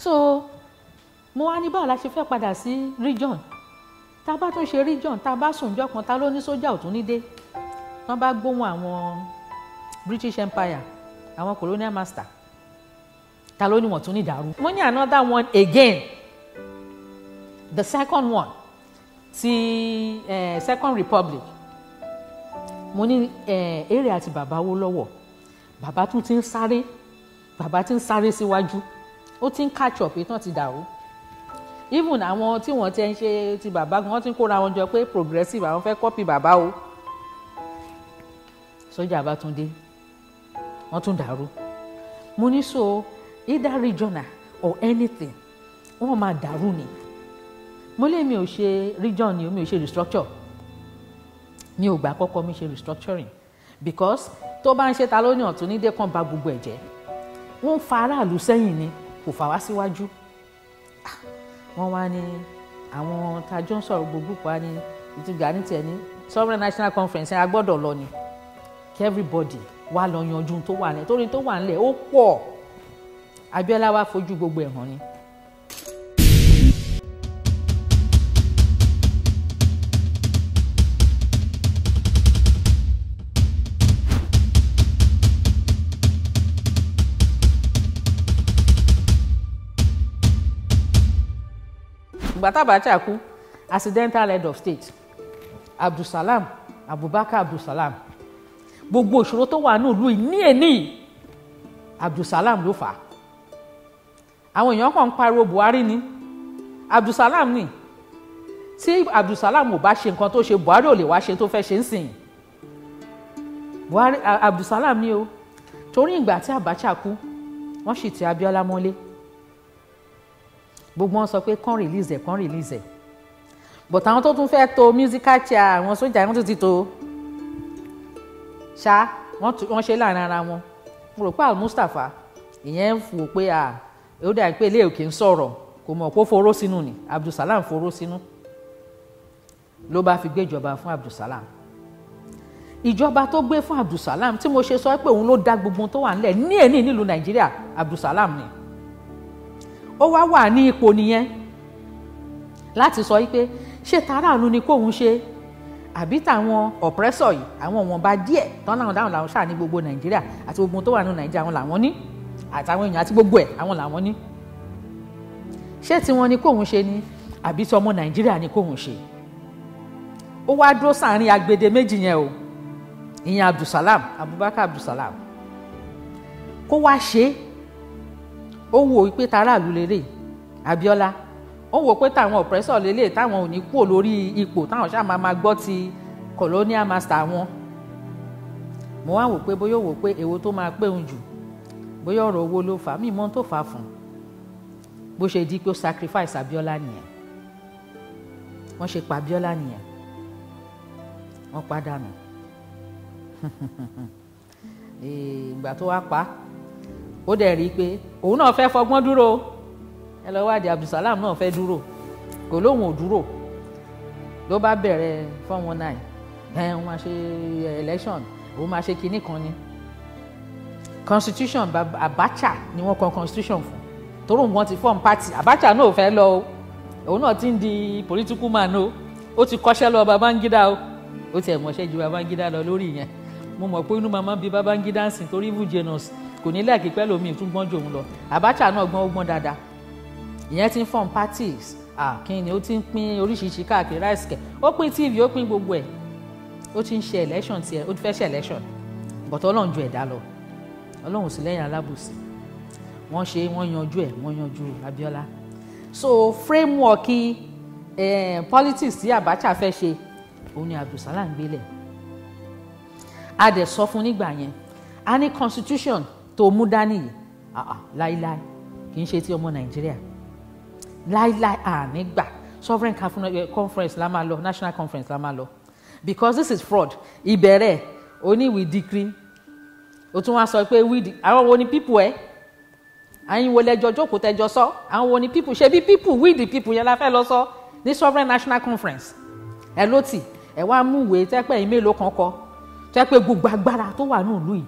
so mo wá ní báwo la ṣe fẹ́ padà sí region tá a bá tún ṣe region tá a bá sùn jọ kan ta ló ní sójà ò ní dé wọ́n bá gbóhùn àwọn British Empire àwọn colonial master ta ló ní wọ́n tún ní dàrú. mo ní another one again the second one ti eh, Second Republic mo ní eh, èrè àti bàbá wo lọ́wọ́ bàbá tún ti ń sáré bàbá ti ń sáré síwájú. Si ó ti ń catch up ìtàn ti dàrú even àwọn tí wọ́n ti ń ṣe ti bàbá wọ́n ti ń kóra wọn jọ pé progressive àwọn fẹ́ copy bàbá o sọ́jà bá tún dé wọ́n tún dàrú mo ní so either regional or anything wọ́n máa dàrú ni mo lé mi ò ṣe region ni mi ò ṣe restructure mi ò gbà kọ́kọ́ mi ṣe restructuring because tó bá ń ṣe ta ló ní ọ̀tún ní dé kàn bà gbogbo ẹ̀ jẹ́ wọ́n ń fa aráàlú sẹ́yìn ni kò fà wá síwájú ah, wọ́n wá ní àwọn tajọ́ ń sọ̀rọ̀ gbogbo pa ní ìtú Gani tiẹ̀ ní sovereign national conference a gbọ́dọ̀ lọ ni kí everybody wá lọ yanjú tó wà nílẹ̀ torí tó wà nílẹ̀ ó pọ̀ Abiola wá fojú gbogbo ẹ̀ hàn ni. ìgbà tá Abacha kú accidental head of state Abdulsalam Abubakar Abdulsalam gbogbo ìṣòro tó wà nílùú yìí ní èní Abdulsalam ló fà á àwọn èèyàn kàn ń pariwo Buhari ni Abdulsalam ni tí Abdulsalam ò bá ṣe nǹkan tó ṣe Buhari ò lè wá ṣe tó fẹ́ ṣe ń sìn Buhari Abdulsalam ni o torí ìgbà tí Abacha kú wọ́n sì ti Abiola mọ́lé gbogbo wọn sọ pé kàn release ẹ̀ kàn release ẹ̀ but àwọn tó tún fẹ́ to musical chair àwọn sójà wọn tún ti to ṣá wọ́n ṣe láàrin ara wọn mo rò pé al Mustapha ìyẹn ń fò pé à ó dàbí pé ilé òkè ń sọ̀rọ̀ kò mọ̀ kó foró sínú ni Abdulsalam foró sínú ló bá fi gbéjọba fún Abdulsalam ìjọba tó gbé fún Abdulsalam tí mo ṣe sọ pé òun ló dá gbogbo tó wà nílẹ̀ ní èní nílùú Nàìjíríà Abdulsalam ni ó wá wà ní ipò nìyẹn láti sọ wípé ṣé tààràánú ni kóun ṣe àbí táwọn ọ̀pẹ́sọ̀ yìí àwọn wọ̀nba díẹ̀ tán láwọn dáhùn làwọn ṣáà ní gbogbo nàìjíríà àti gbogbo tó wà ní nàìjíríà àwọn làwọn ní àtàwọn èèyàn àti gbogbo ẹ̀ àwọn làwọn ní ṣé tiwọn ni kóun ṣe ni àbí tí ọmọ nàìjíríà ni kóun ṣe ó wá dúró sáàrin agbede méjì yẹn o ìyẹn abdulsalam abubakar abdulsalam kó wá ṣe é ó wò pé taráàlú lélẹ̀ Abíọ́lá ó wò pé táwọn oppressor lélẹ̀ táwọn ò ní kúrò lórí ipò táwọn ṣáà máa máa gbọ́ ti colonial master wọn mo wá wò pé bóyá wò pé èwo tó máa pé òun jù bóyá ọ̀rọ̀ owó ló fà á mímọ́ tó fà á fún un bó ṣe di pé ó sacrifice Abíọ́lá nìyẹn wọ́n ṣe pa Abíọ́lá nìyẹn wọ́n pa dànù ìgbà tó wá pa á ó dẹ̀ rí i pé òun náà fẹ́ fọgbọ́n dúró ẹ lọ wádìí Abdulsalam náà fẹ́ dúró kò lóun ò dúró ló bá bẹ̀rẹ̀ four one nine ẹ̀ wọ́n máa ṣe eh, election òun máa ṣe kinní kan ni constitution Abacha ni wọ́n kọ constitution fún torí wọ́n ti form party Abacha náà ò fẹ́ lọ o òun náà ti ń di political man o ó ti kọ́ṣẹ́ lọ Babangida o ó tiẹ̀ mọ̀ṣẹ́ ju Babangida lọ lórí yẹn mo mọ̀ pé inú màmá bíi Babangida ń sìn torí even genus kò ní lẹ́ẹ̀kí pẹ́ lómi tún gbọ́n òun lọ Abacha náà gbọ́n ó gbọ́n dáadáa ìyẹn ti ń form parties àkínni ó ti ń pín oríṣiríṣi káàkiri rice kẹ̀ ó pín tv ó pín gbogbo ẹ̀ ó ti ń ṣe election tiẹ̀ ó ti fẹ́ ṣe election but ọlọ́run ju ẹ̀dá lọ ọlọ́run sì lẹ́yìn alábòsí wọ́n ṣe wọ́n yanjú ẹ̀ wọ́n yanjú Abiola so framework eh, politics tí Abacha fẹ́ ṣe òun ni Abdulsalam gbélé a dẹ̀ sọ fún nígbà yẹn a ní constitution tó mú dání yìí àà láíláí kì í ṣe ti ọmọ nàìjíríà láíláí àní gbà sovereign eh, conference la máa lọ national conference la máa lọ because this is fraud ìbẹ̀rẹ̀ oní we decree o tún wá sọ pé we àwọn wo ni people ẹ àyìn wo lẹjọ jókòó tẹjọ sọ àwọn wo ni people ṣe bí people we the people yẹn la fẹ́ lọ sọ ní sovereign national conference ẹ ló tì ẹ wá mú ìwé tẹ́pẹ́ ìmélòó kan kọ tẹ́pẹ́ gbogbo agbára tó wà ní ìlú yìí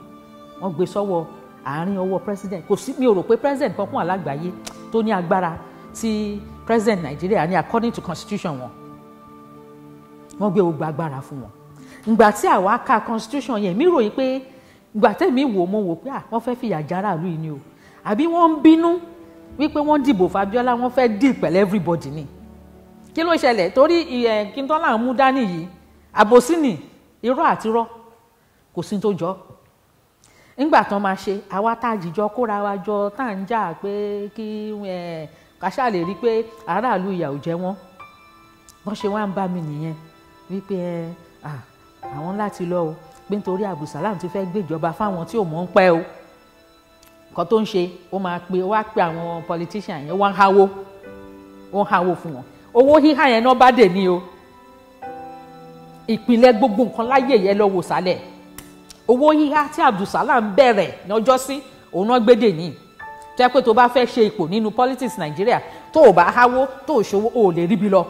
wọ́n gbé sọ́wọ́ àárín ọwọ́ president kò sí mi ò rò pé president kankan wà lágbàáyé tó ní agbára tí president Nàìjíríà ní according to constitution wọn wọ́n gbé gbogbo agbára fún wọn ìgbà tí àwa ka constitution yẹn mi ròyìn pé ìgbà tẹ̀mí wò mo wò pé à ah, wọ́n fẹ́ fìyà já aráàlú yìí ni o àbí wọ́n ń bínú wípé wọ́n dìbò Fabiola wọ́n fẹ́ deal pẹ̀lú everybody ni kí ló ṣẹlẹ̀ torí kí n tọ́lá mú dání yìí àbòsí ni irọ́ àtirọ́ kò sí tó jọ nígbà tán máa ṣe àwa tá a jìjọ kóra wa jọ tá à ń jà pé kí kàṣà lè rí i pé aráàlú ìyà ò jẹ wọ́n wọ́n ṣe wá ń bá mi nìyẹn wípé ẹ àwọn láti lọ o pé nítorí Abdulsalam ti fẹ́ gbéjọba fáwọn tí ò mọ̀ ń pẹ́ o nǹkan tó ń ṣe ó máa pe ó wá pe àwọn politician yẹn wọ́n ń háwó ó ń háwó fún wọn owó híhá yẹn náà bá dè ní o ìpìlẹ̀ gbogbo nǹkan láyè yẹn lọ sálẹ̀ owó yíyá tí Abdulsalam bẹ̀rẹ̀ lọ́jọ́sí òun náà gbédè ní tẹ́ pé tó bá fẹ́ ṣe ipò nínú politics Nàìjíríà tó o bá háwó tó o ṣòwò o lè ríbi lọ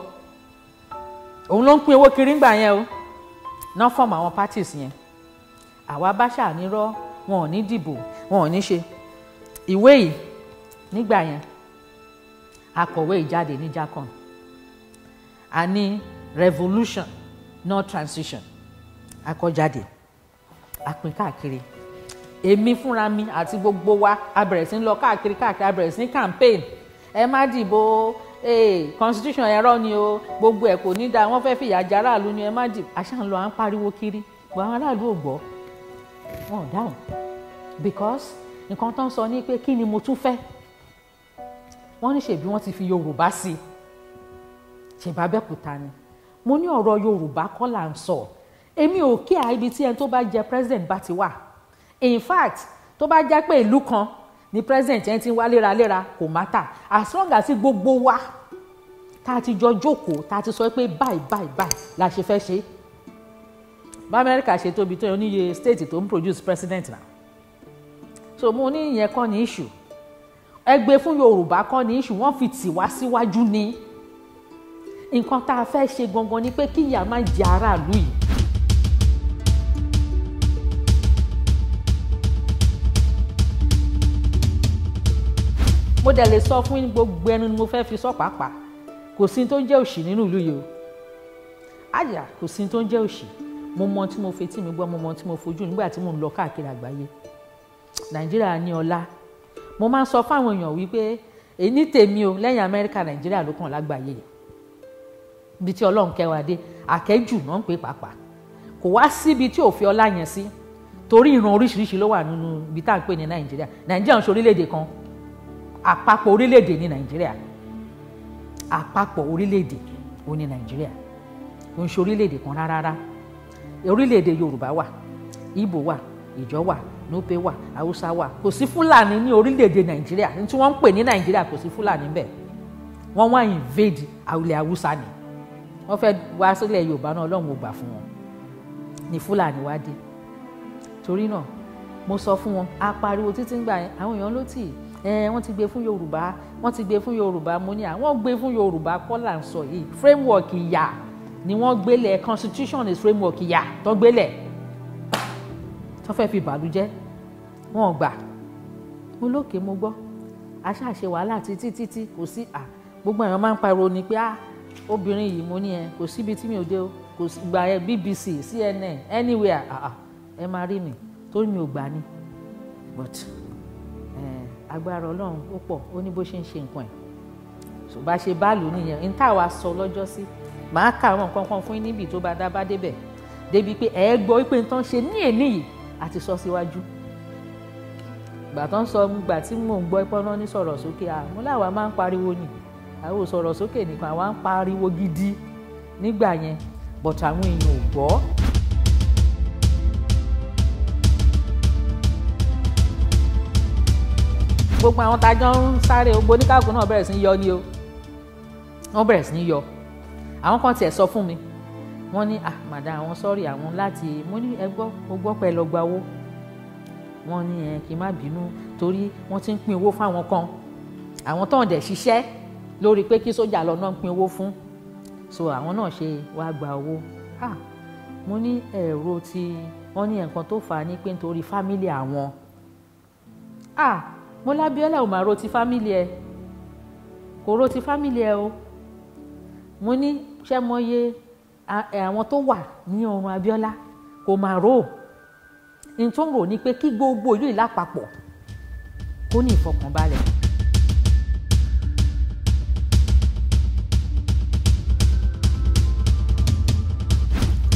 òun ló ń pín owó kiri ńgbà yẹn o náà fọ́ọ̀mù àwọn parties yẹn àwa bá ṣànírọ́ wọn ò ní dìbò wọn ò ní ṣe ìwé yìí nígbà yẹn akọ̀wé ìjáde ní jacon a ní revolution not transition akọ̀jáde a pín káàkiri èmi fúnra mi àti gbogbo wa a bẹ̀rẹ̀ sí ń lọ káàkiri káàkiri a sí ń campaign ẹ má dìbò ee constitution ẹ̀rọ ni o gbogbo ẹ̀ kò ní dáa wọ́n fẹ́ fìyà jẹ aráàlú ni ẹ má dìbò àṣà à ń pariwo kiri gbọ́ aráàlú ò gbọ́ wọn ò dáhùn because nǹkan tó ń sọ ni pé kí ni mo tún fẹ́ wọ́n ní ṣèbí wọ́n ti fi Yorùbá sí i ṣèbá ni mo ní ọ̀rọ̀ Yorùbá kọ́ là ń sọ so èmi ò kí à ibi tí ẹni tó bá jẹ president bá ti wà in fact tó bá jẹ́ pé ìlú kan ni president ẹni tí ń wá léraléra kò mátà as long as gbogbo wa tá a ti jọ jókòó tá a ti sọ pé báyìí báyìí báyìí la ṣe fẹ́ ṣe bá amẹ́ríkà ṣe tóbi tó oníye state tó ń produce president na. so mo ní ìyẹn kọ́ ní issue ẹgbẹ́ fún yorùbá kọ́ ni issue wọ́n fi tì wá síwájú ní nǹkan tá a fẹ́ ṣe gangan ni pé kíyà má jẹ aráàlú yìí mo dẹ̀ lè sọ fún gbogbo ẹnu ni mo fẹ́ fi sọ pàápàá kò sí tó ń jẹ́ òṣì nínú ìlú yìí o àyà kò sí tó ń jẹ́ òṣì mo mọ tí mo fetí mi gbọ́ mo mọ tí mo fojú nígbà tí mo ń lọ káàkiri àgbáyé nàìjíríà ní ọlá mo máa ń sọ fáwọn èèyàn wípé èyí tèmi o lẹ́yìn amẹ́ríkà nàìjíríà ló kàn lágbàáyé ibi tí ọlọ́run kẹwàá dé àkẹ́jù náà ń pè pàápàá kò wá síbi tí òfin ọlá yẹn sí torí ìran oríṣiríṣi ló wà nínú ibi tá à ń pè ní nàìjíríà nàìjíríà ń ṣe orílẹ̀-èdè kan àpapọ̀ orílẹ̀-èdè ní nàìjíríà àpapọ̀ orílẹ̀-èdè ó ní nàìjíríà ó ń ṣe orílẹ̀-èdè kan rárá orílẹ̀-èdè yorùbá wà ìgbò wà ìjọ wà nupe wà haúsá wà kò sí fúlàní ní orílẹ̀-èdè nàìjíríà ní tí wọ́n ń pè ní nàìjíríà kò sí fúlàní bẹ́ẹ̀ wọ́n wá invade ilẹ̀ haúsá ni wọ́n fẹ́ wá sílẹ̀ yorùbá náà ọlọ́run ò gbà fún wọn ní fúlàní wá dé torí náà mo sọ fún wọn apariwo títí ń gbà yẹn àwọn èèyàn ló tì í wọ́n ti gbé fún Yorùbá wọ́n ti gbé fún Yorùbá mo ní àwọn gbé fún Yorùbá kọ́ là ń sọ yìí framework ìyà ni wọ́n gbélé constitution is framework ìyà tó gbélé tó fẹ́ fi bàlújẹ́ wọ́n gbà mo lókè mo gbọ́ aṣáṣe wàhálà títí títí kò sí à gbogbo èèyàn máa ń pariwo ni pé ah obìnrin yìí mo ní ẹ kò síbi tí mi ò dé o kò gbà ẹ BBC CNN anywhere ẹ máa rí mi torí mi ò gbà ni but. Eh, agbára ọlọ́run ó pọ̀ ó ní bó ṣe ń ṣe nǹkan ẹ̀ ṣùgbọ́n ṣe báàlù nìyẹn ní tá a wá sọ lọ́jọ́ sí màá kà àwọn nǹkan kan fún yín níbi tó bá dá bá débẹ̀ débi pé ẹ gbọ́ pé n tán ṣe ní èní yìí àti sọ síwájú gbà tán sọ gbà tí mò ń gbọ́ pọ́nà ní sọ̀rọ̀ sókè àmú làwa máa ń pariwo nì àwọn sọ̀rọ̀ sókè nìkan àwa ń pariwo gidi nígbà yẹn bọ̀tà àwọn èèyàn ò gbọ́ gbogbo àwọn tajọ ń sáré gbogbo oníkàkù náà bẹ̀rẹ̀ sí yọ ni o wọ́n bẹ̀rẹ̀ sí yọ àwọn kan tiẹ̀ sọ fún mi wọ́n ní ah madam àwọn sọ́ọ̀rì àwọn láti mo ní ẹ gbọ́ mo gbọ́ pẹ́ lọ gba owó wọ́n ní ẹ kí n má bínú torí wọ́n ti ń pín owó fáwọn kan àwọn tó ń dẹ̀ ṣiṣẹ́ lórí pé kí sójà lọ náà pín owó fún so àwọn náà ṣe wá gba owó ah mo ní ẹ̀rọ tí wọ́n ní nǹkan tó fà á ní pé nítorí fámílì àwọn ah mo lábíọ́lá ò máa ro ti fámìlì ẹ kò ro ti fámìlì ẹ o mo ní ṣé mo yẹ àwọn tó wà ní ọrùn abíọ́lá kò máa rò n tó ń rò ní pé kí gbogbo ìlú ìlápapọ̀ kó ní ìfọkànbalẹ̀.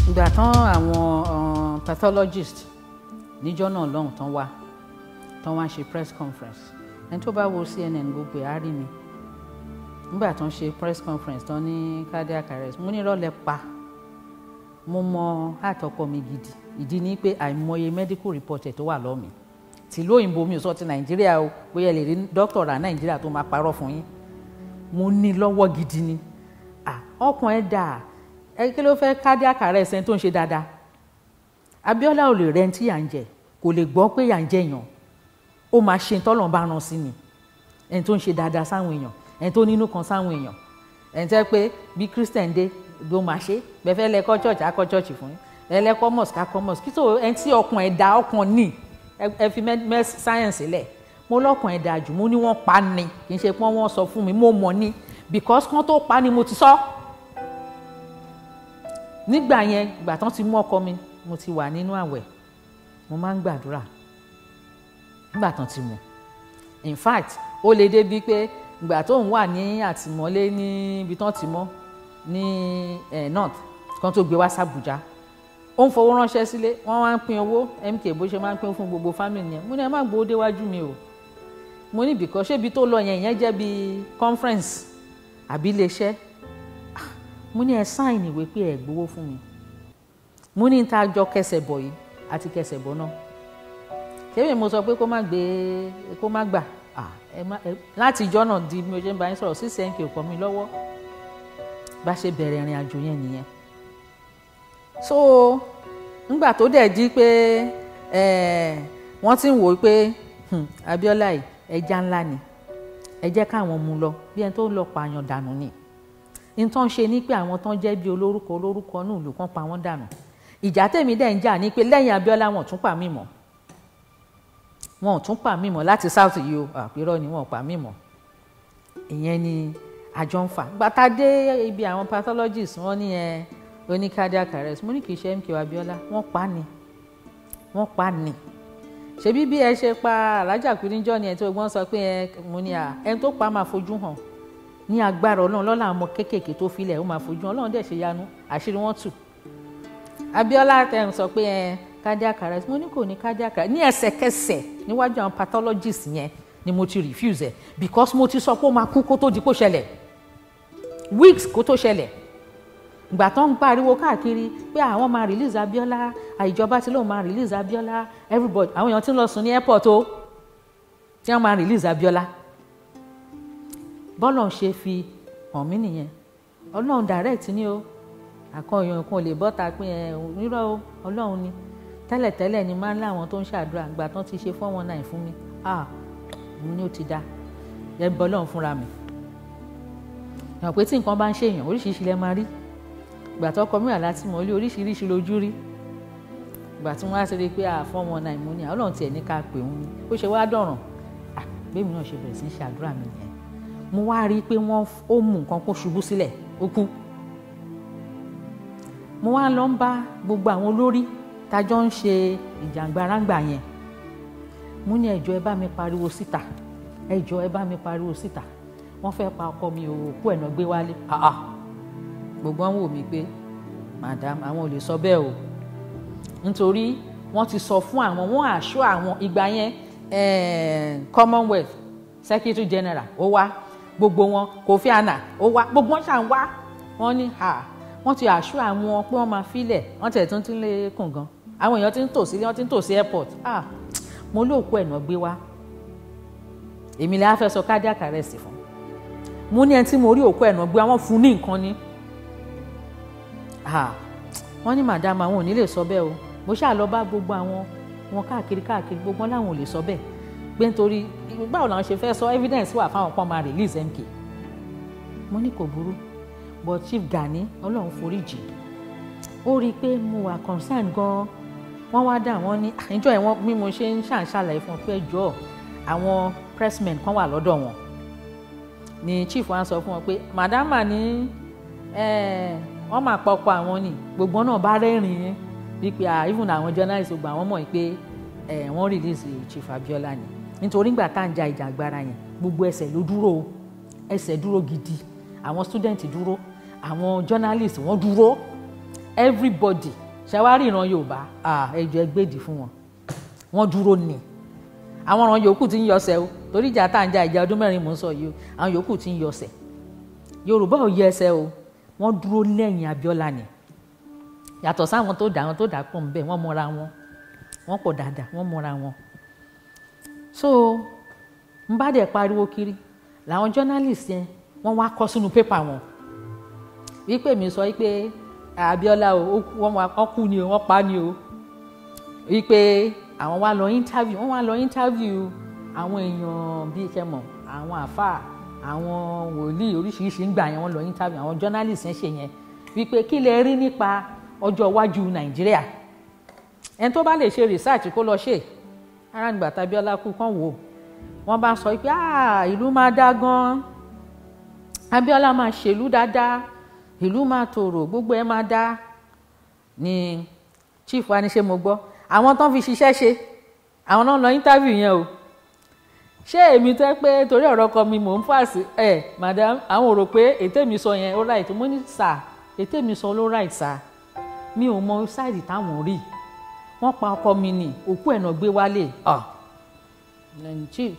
ìgbà tán àwọn uh, pathologist níjọ́ náà lọ́hùn tán wá tán wá ṣe press conference ẹni tó bá wo CNN gbogbo ẹ̀ á rí mi nígbà tó ń ṣe press conference tán ní cardiac arrest mo ní ìrọ̀lẹ́ pa mo mọ àtọkọ mi gidi ìdí ni pé àìmọye medical report ẹ̀ tó wà lọ́mìí tìlú òyìnbó mi ò sọ ti nàìjíríà o bóyá ẹ lè rí dókítà ra nàìjíríà tó máa parọ́ fún yín mo ní lọ́wọ́ gidi ni ọkàn ẹ dà ẹ kí ló fẹ́ cardiac arrest ẹni tó ń ṣe dáadáa Abíọ́lá ò lè rẹ́ntì yà ń jẹ kò lè gbọ́ pé yà ń jẹyàn ó máa ṣe tọ́lọ̀ bá ràn sí ni ẹni tó ń ṣe dáadáa sáwọn èèyàn ẹni tó nínú kan sáwọn èèyàn ẹni tẹ́ pé bí christian dé ló máa ṣe bẹ́ẹ̀ lẹ́kọ́ church akọ́ church fún yín ẹlẹ́kọ́ mosque akọ́ mosque kí tó ẹni tí ọkàn ẹ̀ dá ọkàn ní ẹ fi mẹ́s science lẹ̀ mo lọ́kàn ẹ̀ dá jù mo ní wọ́n pa ni kì í ṣe pé wọ́n sọ fún mi mo mọ̀ ni because kán tó pa ni mo ti sọ nígbà yẹn ìgbà tán ti mú ọkọ mi mo ti wà nínú àwẹ̀ mo máa ń gbàdúrà nígbà tán ti mú in fact ó lè débi pé ìgbà tóun wà ní àtìmọ́lé níbi tán ti mọ́ ní north kan tó gbé wá sàbújá ó ń fowó ránṣẹ́ sílé wọ́n wá ń pín owó mk bó ṣe máa ń pín fún gbogbo family yẹn mo ní ẹ má gbowó déwájú mi o mo ní bìkọ́ ṣébi tó lọ yẹn yẹn jẹ́ bi conference àbí iléeṣẹ́ ah, mo ní ẹ sáìn ìwé pé ẹ gbowó fún mi mo ní ta jọ kẹsẹ̀ bọ̀ yìí àti kẹsẹ̀ bọ̀ náà kébì mo sọ pé kó má gbé kó má gbà láti ìjọ náà di mi ò ṣe ń bá yín sọ̀rọ̀ sí cnk kọ́ mi lọ́wọ́ bá ṣe bẹ̀rẹ̀ ìrìn àjò yẹn nìyẹn so ngbà tó dẹ̀ di pé wọ́n ti ń wò ó pé hmm, Abiola yìí ẹja ńlá ni ẹ jẹ́ káwọn mú lọ bí ẹni tó ń lọ pààyàn dànù ni nǹkan ṣe ni pé àwọn tán jẹ́ bí olórúkọ olórúkọ náà ló kàn pa wọ́n dànù ìjà tèmi dẹ̀ ń jà ni pé lẹ́yìn Abiola wọn tún pa mí mọ́ wọn ò tún pa mí mọ́ láti south yìí o àpérò ni wọn ò pa mí ìyẹn ni àjọ ń fà gbàtà dé ibi àwọn pathologist wọn ní ẹ oní cardiac arrest mo ní kì í ṣe MKO Abiola wọn pa ni wọn pa ni ṣebí bí ẹ ṣe pa alájà pínínjọ ni ẹ tó gbọ́n sọ pé ẹ mo ní à ẹ tó pa máa fojú hàn ní agbára ọlọ́run lọ́la ọmọ kéékèèké tó filẹ̀ ó máa fojú hàn ọlọ́run ṣe yanu àṣírí wọn tú Abiola tẹ̀ ń sọ pé ẹ cardiac arrest mo ní kò ní cardiac arrest ní ẹsẹ̀kẹsẹ̀ níwájú àwọn pathologist yẹn ni mo ti refuse ẹ because mo ti sọ pé ó máa kú kó tó di kó ṣẹlẹ̀ weeks kó tó ṣẹlẹ̀ ìgbà tó ń pariwo káàkiri pé àwọn máa release Abiola àìjọba tí lóun máa release Abiola everybody àwọn èèyàn ti ń lọ sùn ní airport o tí wọ́n máa release Abiola bọ́lọ̀ ń ṣe fi hàn mí nìyẹn ọlọ́run direct ni o àkànyàn kan lè bọ́ta pé ẹ̀ nírọ̀ ọlọ́run ni tẹ́lẹ̀tẹ́lẹ̀ ni máa ń láwọn tó ń ṣàdúrà ìgbà tán ti ṣe four one nine fún mi ah mo ní ó ti da ẹ bọ́ lọ́run fúnra mi yàn pé tí nǹkan bá ń ṣèyàn oríṣiríṣi lẹ máa rí ìgbà tó kọ mìíràn láti mọ̀ ọ́ lé oríṣiríṣi lójú rí ìgbà tí wọ́n á ṣe rí i pé ah four one nine mo ní àwọn ah, ọlọ́run tiẹ̀ ní ká pè wọ́n ó ṣe wá dọ̀ràn ah bẹ́ẹ̀ mi náà ṣe bẹ̀rẹ̀ sí í ṣàdúrà mi nìyẹn mo wá rí i pé wọ́n ó mú nǹkan kó ṣubú sílẹ̀ ó kú mo wá lọ ń bá gbogbo àwọn olórí tájọ́ ń ṣe ìjàngbáráǹgbà yẹn mo ní ẹjọ́ ẹ bá mi pariwo síta ẹjọ́ ẹ bá mi pariwo síta wọ́n fẹ́ pa ọkọ mi òkú ẹ̀nà gbé wálé gbogbo wọn wò mí pé madam àwọn ò lè sọ bẹ́ẹ̀ o nítorí wọ́n ti sọ fún àwọn wọ́n àṣọ àwọn ìgbà yẹn eh, commonwealth secretary general ó wá gbogbo wọn Kofi Annan ó wá gbogbo wọn ṣàn wá wọ́n ní wọ́n ti àṣọ àwọn pé wọ́n máa filẹ̀ wọ́n tẹ̀ tún lé kùn gan àwọn èèyàn ti ń tò sí wọ́n ti ń tò sí airport ah mo lóòkù ẹ̀nà gbé wá èmi lè á fẹ́ sọ cardiac arrest fún mo ní ẹni tí mo rí òkú ẹ̀nà gbé wọ́n fún ní nǹkan ni ah wọ́n ní madam àwọn ò ní lè sọ bẹ́ẹ̀ o mo ṣáà lọ bá gbogbo àwọn wọn káàkiri káàkiri gbogbo wọn làwọn ò lè sọ bẹ́ẹ̀ pé nítorí báwo làwọn ṣe fẹ́ sọ evidence wà fáwọn kan máa release MK mo ní kò burú but Chief Gani ọlọ́run foríjì ó rí i pé mo wà concerned gan-an wọ́n wá dà wọ́n ní àníjọ́ ah, ẹ̀ wọ́n bí mo ṣe ń ṣàǹṣàlàyé fún ọ pé jọ àwọn pressmen kan wà lọ́dọ̀ wọn ni chief wa sọ fún wọn pé madama ní wọ́n máa pọ̀pọ̀ àwọn ni gbogbo náà bá rẹ́rìn-ín wípé ah, even àwọn journalist gbogbo àwọn mọ̀ pé wọ́n release chief Abiola ni nítorí ìgbà tá à ń ja ìjàngbara yẹn gbogbo ẹsẹ̀ ló dúró ẹsẹ̀ dúró gidi àwọn student dúró àwọn journalist wọ́n dúró everybody ṣàwárí ìran yorùbá ẹjọ ẹgbẹ́dì fún wọn wọ́n dúró ni àwọn ọ̀ràn yòókù ti ń yọsẹ̀ o torí ìjà tá à ń ja ìjà ọdún mẹ́rin mò ń sọ yìí o àwọn yòókù ti ń yọsẹ̀ yorùbá ò yẹ ẹsẹ̀ o wọ́n dúró lẹ́yìn abiola ni yàtọ̀ sáwọn tó dà wọn tó dà pọ̀ nbẹ wọ́n mọra wọn wọ́n pọ̀ dáadáa wọ́n mọra wọn so n bá dẹ̀ pariwo kiri làwọn journalist yẹn wọ́n wá kọ sínú pépà wọn wípé mi sọ wípé. So, Abiola o wọ́n kú ni o wọ́n pa ni o wípé àwọn wá lọ interview wọ́n wá lọ interview àwọn èèyàn bíi kẹmọ àwọn àfáà àwọn wòlíì oríṣiríṣi ń gbà yẹn wọ́n lọ interview àwọn journalist ń ṣe yẹn wípé kí lẹ rí nípa ọjọ́ iwájú Nàìjíríà ẹni tó bá lè ṣe research kó lọ ṣe ara nígbà tábíọ́lá kú kàn wò wọ́n bá sọ pé ìlú máa dá gan-an Abíọ́lá máa ṣèlú dáadáa ìlú máa tòrò gbogbo ẹ máa dá ni chief wa ní ṣe mo gbọ́ àwọn tán fi ṣiṣẹ́ ṣe àwọn náà lọ interview yẹn o ṣé èmi tẹ́ pé torí ọ̀rọ̀ kan mi mò ń fàṣì ẹ̀ madam àwọn ò rò pé ètè mi sọ yẹn ó right mo ní sà ètè mi sọ ló right sà mi ò mọ ṣáìdì táwọn rí wọ́n pa ọkọ mi nì òkú ẹ̀ gbé wálé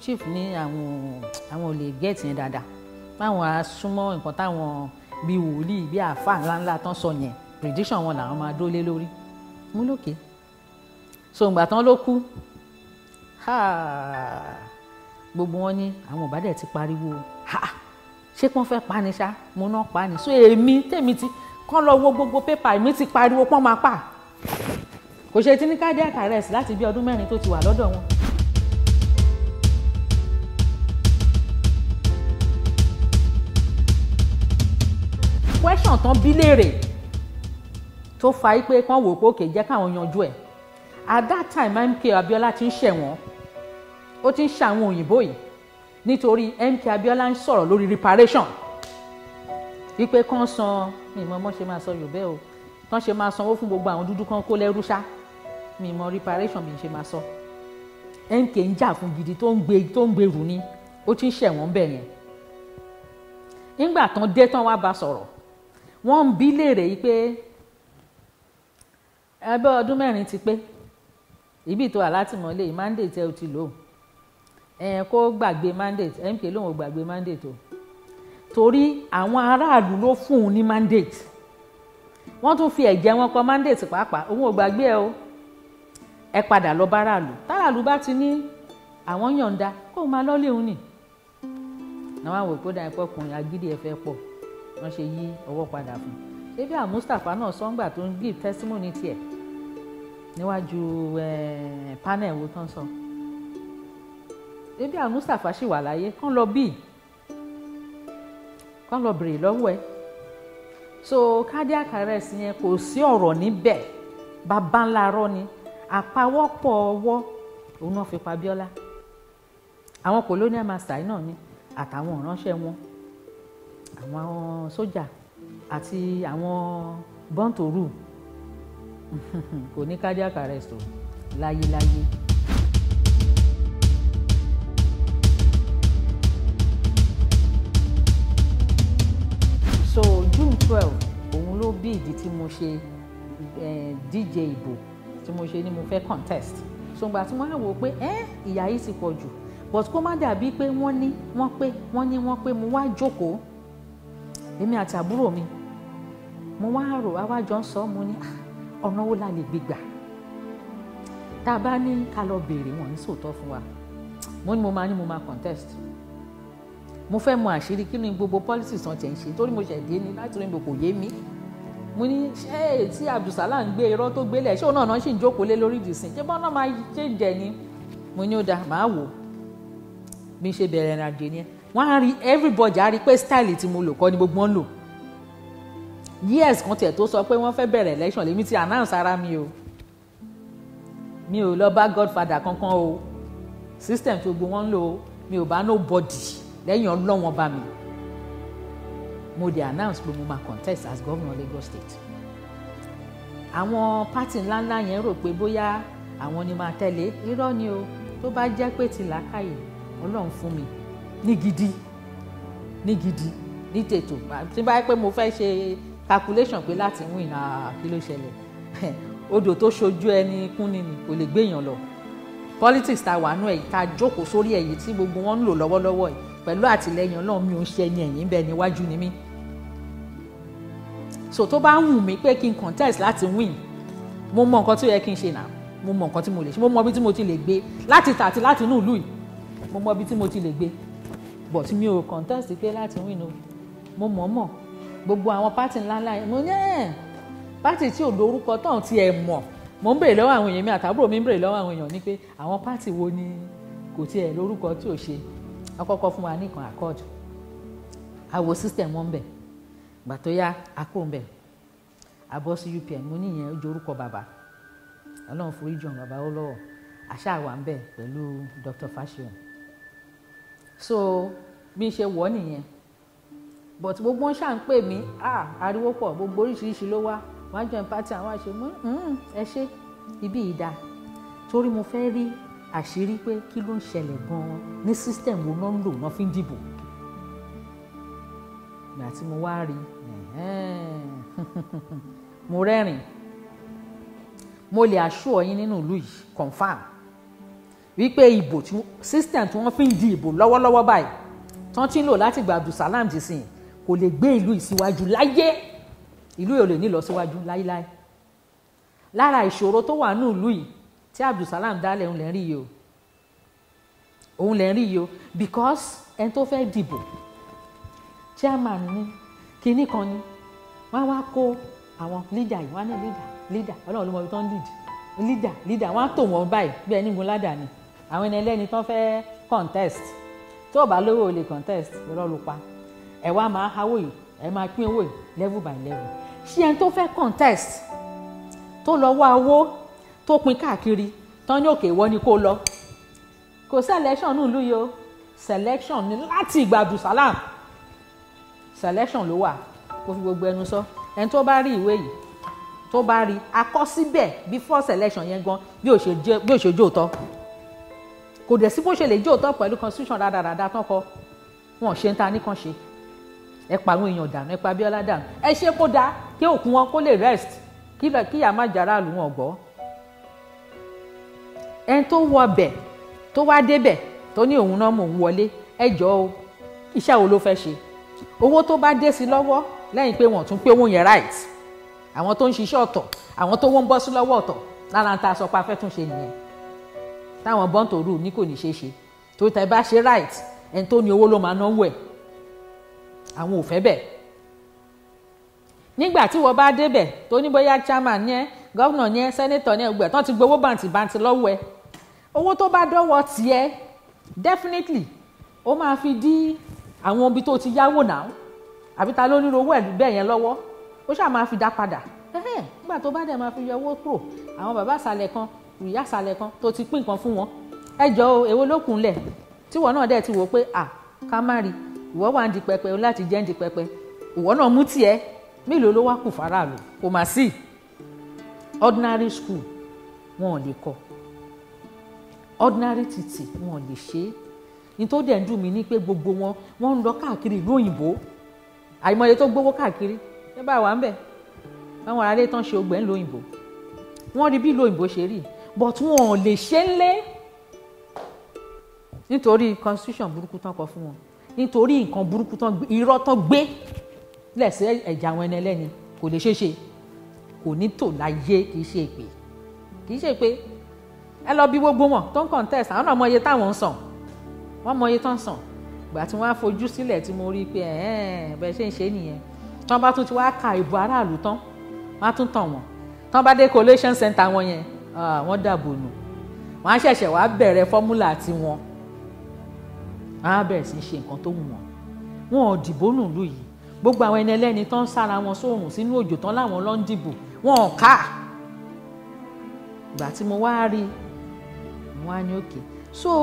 chief ní àwọn àwọn ò lè get yẹn dáadáa báwọn á súnmọ́ nǹkan táwọn bí wòlíì bí àáfà ńláńlá tán sọ yẹn prediction wọn làwọn máa dúró lé lórí mú lókè so ìgbà tán ló kú gbogbo wọn ní àwọn ò bá dẹ̀ ti pariwo ṣé kí wọ́n fẹ́ pa ni ṣá mo náà pa ni so èmi tèmi ti kán lọ wo gbogbo pépà èmi ti pariwo pọ́n máa pa kò ṣe tí ní cardiac arrest láti bí ọdún mẹ́rin tó ti wà lọ́dọ̀ wọn. question tán bí léèrè tó fa yí pé kán wò pé òkè jẹ́ káwọn yanjú ẹ̀ at that time MK Abiola ti ń ṣẹ̀wọ̀n ó ti ń ṣàwọn òyìnbó yìí nítorí MK Abiola ń sọ̀rọ̀ lórí reparation wípé kán san mi mọ mọ́ ṣe máa sọ Yorùbá o kán ṣe máa sanwó fún gbogbo àwọn dúdú kan kó lẹ́rú ṣá mi mọ reparation mi ṣe máa sọ MK ń jà fún gidi tó ń gbé tó ń gbèrú ni ó ti ń ṣẹ̀wọ̀n bẹ́ẹ̀ yẹn nígbà tán dé tán wá bá sọ̀rọ̀ wọ́n ń bí léèrè yìí pé ẹgbẹ́ ọdún mẹ́rin ti pé ibi tó wà látìmọ́lé yìí mandate ẹ ti lò ẹ̀yẹn kó gbàgbé mandate mk lòun ò gbàgbé mandate o torí àwọn aráàlú ló fún un ní mandate wọ́n tún fi ẹ̀jẹ̀ wọn kọ mandate pàápàá òun ò gbàgbé ẹ o ẹ padà lọ báràlú táràlú bá ti ní àwọn yọ̀ǹda kó o máa lọ́lé òun nì náà wọ́n wò pé ó dà ẹ̀pọ̀ ọkùnrin agídí ẹ fẹ́ pọ̀ wọ́n ṣe yí ọwọ́ padà fún un ebi àmústapha náà sọ́ngbà tó ń give testimony tiẹ̀ níwájú panel wo tán sọ ebi àmústapha ṣì wà láyé kán lọ bíi kán lọ bèrè lọ́wọ́ ẹ̀ so cardiac arrest yẹn kò sí ọ̀rọ̀ níbẹ̀ bàbá ńlá rọ́ ni àpawọ́pọ̀ ọwọ́ òun náà fi pa biola. àwọn colonial master náà ni àtàwọn ìránṣẹ́ wọn àwọn sójà àti àwọn bọ́ǹtòrù kò ní cardiac arrest o láyéláyé. so june twelve òun ló bí ìdí tí mo ṣe díje ìbò tí mo ṣe ni mo fẹ́ contest so àti wọ́n á wò ó pé ẹ́ ìyà yìí ti pọ̀ jù but kó má dàbí pé wọ́n ní wọ́n pé wọ́n ní wọ́n pé mo wá jókòó èmi àti àbúrò mi mo wá rò àwa jọ ń sọ mo ní ah, ọ̀nà wo la lè gbé gbà tá a bá ní ká lọ béèrè wọn ní sòótọ́ fún wa mo ní mo máa ní mo máa contest mo fẹ́ mọ àṣírí kí ni gbogbo politics wọn ti ń ṣe torí mo ṣẹ̀ dé ni láti rìn bò kò yé mi mo ní ṣé tí Abdulsalam ń gbé irọ́ tó gbélé ṣé òun náà náà ṣì ń jókòó lé lórí ìdìsìn ṣé bọ́n náà máa ṣe ń jẹ ni mo ní ó dáa màá wò bí n ṣe bẹ̀rẹ̀ ìrìnàjò yẹn wọ́n á rí everybody á rí pé style tí mo lò kọ́ ni gbogbo wọn lò years kan tiẹ̀ tó sọ pé wọ́n fẹ́ bẹ̀rẹ̀ election lèmi ti announce ara mi o mi ò lọ bá godfather kankan o system tí gbogbo wọn ń lò mi ò bá nobody lẹ́yìn ọlọ́wọ́n bá mi mo dey announce pé mo máa contest as governor of Lagos state àwọn pátì ńláńlá yẹn rò pé bóyá àwọn ni máa tẹ̀lé irọ́ ni o tó bá jẹ́ pé ti làákàyè ọlọ́run fún mi ní gidi ní gidi ní tètò tí bá yẹ pé mo fẹ́ ṣe calculation pé láti win náà kí ló ṣẹlẹ̀ odò tó ṣojú ẹni kúnni ni kò lè gbéyàn lọ politics ta wà nù ẹ̀ ta jókòó sórí èyí tí gbogbo wọn ń lò lọ́wọ́lọ́wọ́ yìí pẹ̀lú àtìlẹyìn Ọlọ́run mi ò ṣe ẹni ẹ̀yìn bẹ́ẹ̀ níwájú ni mí so tó bá wù mí pé kí n contest láti win mo mọ nǹkan tó yẹ kí n ṣe náà mo mọ nǹkan tí mo lè ṣe mo mọ ibi tí mo ti lè gbé láti tàti láti inú ìlú yìí mo mọ ibi tí mo ti lè gbé but mi ò contest pé láti win o mo mọ̀ mọ̀ gbogbo àwọn pátì ńláńlá yẹn mo ní ẹ̀ pátì tí ò lórúkọ tán ti ẹ̀ mọ̀ mo ń béèrè lọ́wọ́ àwọn èèyàn mi àtàbúrò mi ń béèrè lọ́wọ́ àwọn èèyàn ni pé àwọn pátì wo ni kò tiẹ̀ lórúkọ tí ò ṣe àkọ́kọ́ fún wa nìkan accord àwo system wọn bẹ̀ gbà tó yá akó ń bẹ̀ àbọ̀ sí UPM mo ní ìyẹn ojú orúkọ bàbá ọlọ́run forí jọ̀n bàbá ó lọ́wọ́ àṣà wà ń bẹ̀ pẹ̀lú Dr. Fashion so bí n ṣe wọ̀ nìyẹn but gbogbo wọn ṣáà ń pè mí ah ariwo pọ̀ gbogbo oríṣiríṣi ló wá wọ́n á jọ ìpàtì àwọn àṣẹ mú ẹ ṣe ibi ìdá torí mo fẹ́ rí àṣírí pé kí ló ń ṣẹlẹ̀ gan-an ní system wo náà ń lò wọ́n fi ń dìbò ìgbà tí mo wá rí mo rẹ́rìn mo lè aṣọ ọ̀yin nínú ìlú yìí confam wípé ìbò tí system tí wọ́n fi ń di ìbò lọ́wọ́lọ́wọ́ báyìí tí wọ́n ti ń lò láti gba Abdulsalam dì sìn kò lè gbé ìlú ìsíwájú láyé ìlú yìí ò lè ní ìlọsíwájú láíláí lára ìṣòro tó wà ní ìlú yìí tí Abdulsalam dálẹ̀ òun lè rí yìí o òun lè rí yìí o because ẹni tó fẹ́ dìbò chairman ni kinní kan ni wọ́n wá kó àwọn leader yìí wọ́n á ní leader leader ọlọ́run ló mọ ibi tó ń lead leader leader wọ́n á tò wọ́n báyìí bí ẹni gun ládàá ni àwọn ẹni ẹlẹ́ni tán fẹ́ contest tó bá lówó o lè contest irọ́ ló pa ẹ wá máa hawó yìí ẹ máa pín owó yìí level by level ṣé ẹni tó fẹ́ contest tó lọ wá owó tó pín káàkiri tán ní òkè ìwọ ni kó lọ kò selection nù lú yo selection ni láti ìgbà abdulsalam selection ló wà kó fi gbogbo ẹnu sọ ẹni tó bá rí ìwé yìí tó bá rí akọsíbẹ̀ before selection yẹn gan bí ò ṣe jóòtọ́ kò dẹ̀ sí bó ṣe lè jẹ́ òótọ́ pẹ̀lú constitution rádaràda tán kọ wọn ṣe ń ta ní kan ṣe ẹ pa àwọn èèyàn dànù ẹ pa Abíọ́lá dànù ẹ ṣe kó dáa kí òkú wọn kó lè rest kíyà má jà aráàlú wọn gbọ́ ẹni tó wọ bẹ̀ tó wá débẹ̀ tó ní òun náà mò ń wọlé ẹ jọ o iṣẹ́ wo ló fẹ́ ṣe owó tó bá dé sí lọ́wọ́ lẹ́yìn pé wọ́n tún pé owó yẹn right àwọn tó ń ṣiṣẹ́ ọ̀tọ̀ àwọn tó wọ́n ń bọ́ sí lọ́wọ́ ọ̀tọ̀ lára ń ta aṣọ pa afẹ́túnṣe nìyẹn táwọn bọ́ǹtò rù ní kò ní ṣeé ṣe torí tẹ bá ṣe right ẹni tó ní owó ló máa náwó ẹ̀ àwọn ò fẹ́ bẹ́ẹ̀ nígbà tí wọ́n bá débẹ̀ tó ní bóyá chairman ní ẹ gọ́vnà ní ẹ sẹ́nẹ́tọ̀ ní ẹ gbẹ̀ tán ti gbowó bàǹtì bàǹtì lọ́wọ́ ẹ owó tó bá dọ́wọ́ tiẹ̀ definitely ó máa fi dí àwọn ibi tó ti yáwó náà àbí ta ló nílò owó ẹ̀ bẹ́ẹ̀ yẹn lọ́wọ́ ó ṣáà máa fi dá padà nígbà tó bá dẹ̀ máa fi yọ owó kúrò àwọn bàbá àsàlẹ̀ kan ìyá àsàlẹ̀ kan tó ti pín nǹkan fún wọn ẹ jọ o èwo ló kù ńlẹ̀ tíwọ náà dẹ̀ ti wò pé à ká má rí ìwọ wà ń di pẹpẹ o láti jẹ́ ń di pẹpẹ ìwọ náà mú tiẹ̀ mélòó ló wá kù faraàlú kò mà sí ordinary school wọn ò lè kọ́ ordinary títì wọn ò lè ṣe é nítorí dẹ̀ ń dùn mí ní pé gbogbo wọn wọ́n ń lọ káàkiri ìlú òyìnbó àìmọye tó gbowó káàkiri ẹ bá wà ń bẹ̀ báwọn aráalé tán ṣe ogbẹ́ ń òyìnbó wọ́n rí bí ìlú òyìnbó ṣe rí but wọn ò lè ṣe ń lé nítorí constitution burúkú tán kọ fún wọn nítorí nǹkan burúkú tán irọ́ tán gbé lẹ́sẹ̀ ẹ̀jẹ̀ àwọn ẹni ẹlẹ́ni kò lè ṣeé ṣe kò ní tò láyé kì í ṣe èpè kì í ṣe pé ẹ lọ bí gbogbo wọn tó ń contest àwọn náà mọ iye táwọn ń sàn wọn mọ iye tán sàn ìgbà tí wọn á fojú sílẹ̀ tí mo rí i pé bẹ́ẹ̀ ṣe ń ṣe nìyẹn tán bá tún ti wá ka ìbò aráàlú tán wọn á tún tàn wọn tán bá dé collation center wọn yẹn wọ́n dàbò nù wọ́n á ṣẹ̀ṣẹ̀ wá bẹ̀rẹ̀ fọ́múlà tiwọn wọ́n á bẹ̀rẹ̀ sí í ṣe nǹkan tó wù wọ́n wọn ò dìbò nù lù yìí gbogbo àwọn ẹni ẹlẹ́ni tán sára wọn sóòrùn sínú òjò tán láwọn ló dìbò wọn ò ká ìgbà tí mo wá rí wọn á ní òkè so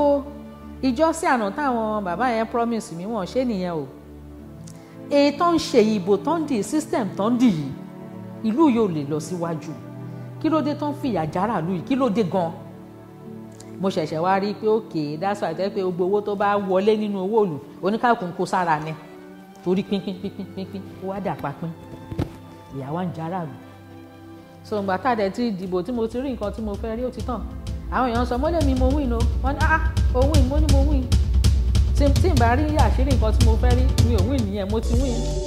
ìjọsìn àná táwọn bàbá yẹn promise mi wọn ṣé nìyẹn o èyí tó ń ṣe ìbò tó ń system tó ń di yìí ìlú yóò lè lọ síwájú kí ló dé tán fìyà jára lù yìí kí ló dé gan mo ṣẹ̀ṣẹ̀ wá rí i pé òkè dáṣọ àti pé gbogbo owó tó bá wọlé nínú owó òlù oníkàkùn kó sára ni torí pínpín pínpín pínpín ó wá dà papín ìyà wa ń jára lù so ìgbà tá a dẹ̀ ti dìbò tí mo ti rí nǹkan tí mo fẹ́ rí ó ti tàn àwọn èèyàn sọ mọ́lẹ̀ mi mo win o wọ́n ní ah òun ìmọ̀ ni mo win tí n bá rí àṣírí nǹkan tí mo fẹ́ rí mi ò win nìyẹn mo ti win.